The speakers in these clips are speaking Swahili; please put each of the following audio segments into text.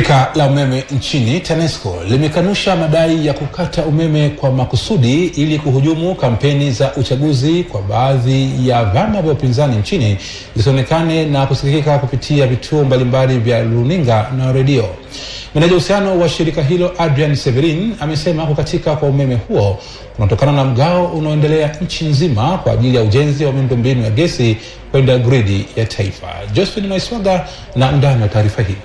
Shirika la umeme nchini TANESCO limekanusha madai ya kukata umeme kwa makusudi ili kuhujumu kampeni za uchaguzi kwa baadhi ya vyama vya upinzani nchini zisionekane na kusikika kupitia vituo mbalimbali vya runinga na redio. Meneja uhusiano wa shirika hilo Adrian Severin amesema kukatika kwa umeme huo kunatokana na mgao unaoendelea nchi nzima kwa ajili ya ujenzi wa miundombinu ya gesi kwenda gridi ya taifa. Josephine Maiswaga na undani wa taarifa hii.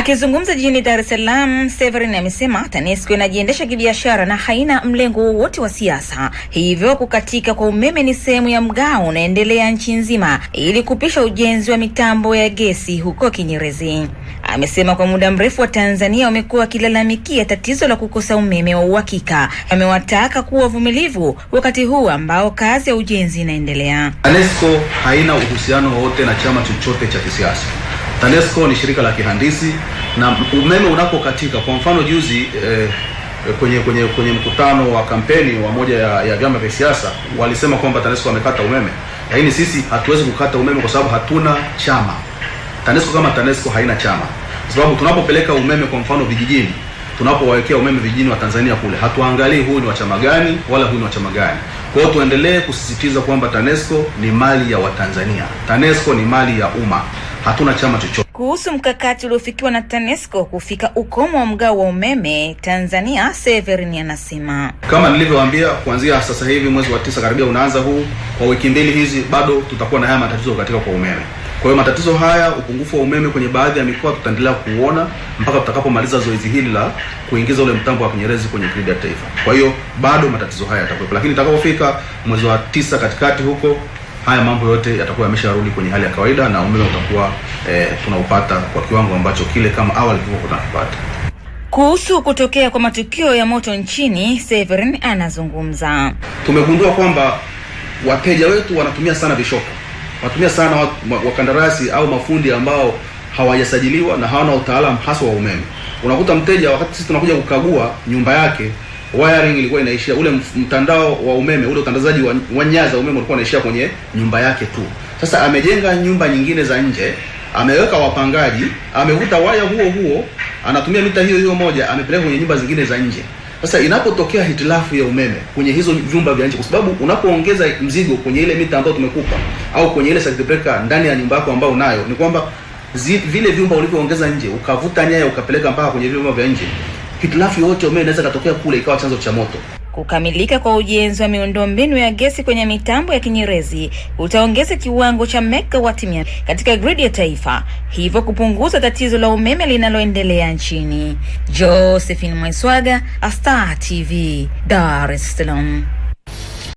Akizungumza jijini Dar es Salaam, Severin amesema TANESCO inajiendesha kibiashara na haina mlengo wowote wa siasa, hivyo kukatika kwa umeme ni sehemu ya mgao unaendelea nchi nzima ili kupisha ujenzi wa mitambo ya gesi huko Kinyerezi. Amesema kwa muda mrefu wa Tanzania wamekuwa wakilalamikia tatizo la kukosa umeme wa uhakika. Amewataka kuwa wavumilivu wakati huu ambao kazi ya ujenzi inaendelea. TANESCO haina uhusiano wowote na chama chochote cha kisiasa. TANESCO ni shirika la kihandisi na umeme unapokatika, kwa mfano juzi eh, kwenye kwenye kwenye mkutano wa kampeni wa moja ya, ya vyama vya siasa walisema kwamba TANESCO amekata umeme, lakini sisi hatuwezi kukata umeme kwa sababu hatuna chama. TANESCO kama TANESCO haina chama, kwa sababu tunapopeleka umeme kwa mfano vijijini, tunapowawekea umeme vijijini wa Tanzania kule, hatuangalii huyu ni wa chama gani wala huyu ni wa chama gani. Kwa hiyo tuendelee kusisitiza kwamba TANESCO ni mali ya Watanzania, TANESCO ni mali ya umma hatuna chama chochote. Kuhusu mkakati uliofikiwa na TANESCO kufika ukomo wa mgao wa umeme Tanzania, Severin anasema kama nilivyowaambia, kuanzia sasa hivi mwezi wa tisa karibia unaanza huu, kwa wiki mbili hizi bado tutakuwa na haya matatizo katika kwa umeme. Kwa hiyo matatizo haya, upungufu wa umeme kwenye baadhi ya mikoa tutaendelea kuona mpaka tutakapomaliza zoezi hili la kuingiza ule mtambo wa Kinyerezi kwenye gridi ya taifa. Kwa hiyo bado matatizo haya yatakuwepo, lakini itakapofika mwezi wa tisa katikati huko haya mambo yote yatakuwa yamesharudi kwenye hali ya kawaida na umeme utakuwa e, tunaupata kwa kiwango ambacho kile kama awali tulivyokuwa tunakipata. Kuhusu kutokea kwa matukio ya moto nchini, Severin anazungumza. Tumegundua kwamba wateja wetu wanatumia sana vishoko, wanatumia sana wakandarasi au mafundi ambao hawajasajiliwa na hawana utaalamu hasa wa umeme. Unakuta mteja wakati sisi tunakuja kukagua nyumba yake wiring ilikuwa inaishia ule mtandao wa umeme, ule utandazaji wa, wa nyaya za umeme ulikuwa unaishia kwenye nyumba yake tu. Sasa amejenga nyumba nyingine za nje, ameweka wapangaji, amevuta waya huo huo, anatumia mita hiyo hiyo moja, amepeleka kwenye nyumba zingine za nje. Sasa inapotokea hitilafu ya umeme kwenye hizo vyumba vya nje, kwa sababu unapoongeza mzigo kwenye ile mita ambayo tumekupa au kwenye ile circuit breaker ndani ya nyumba yako ambayo unayo, ni kwamba zi, vile vyumba ulivyoongeza nje ukavuta nyaya ukapeleka mpaka kwenye vyumba vya nje hitilafu yoyote umeme inaweza katokea kule ikawa chanzo cha moto. Kukamilika kwa ujenzi wa miundombinu ya gesi kwenye mitambo ya kinyerezi utaongeza kiwango cha megawati mia katika gridi ya taifa, hivyo kupunguza tatizo la umeme linaloendelea nchini. Josephine mweswaga Star TV, Dar es Salaam.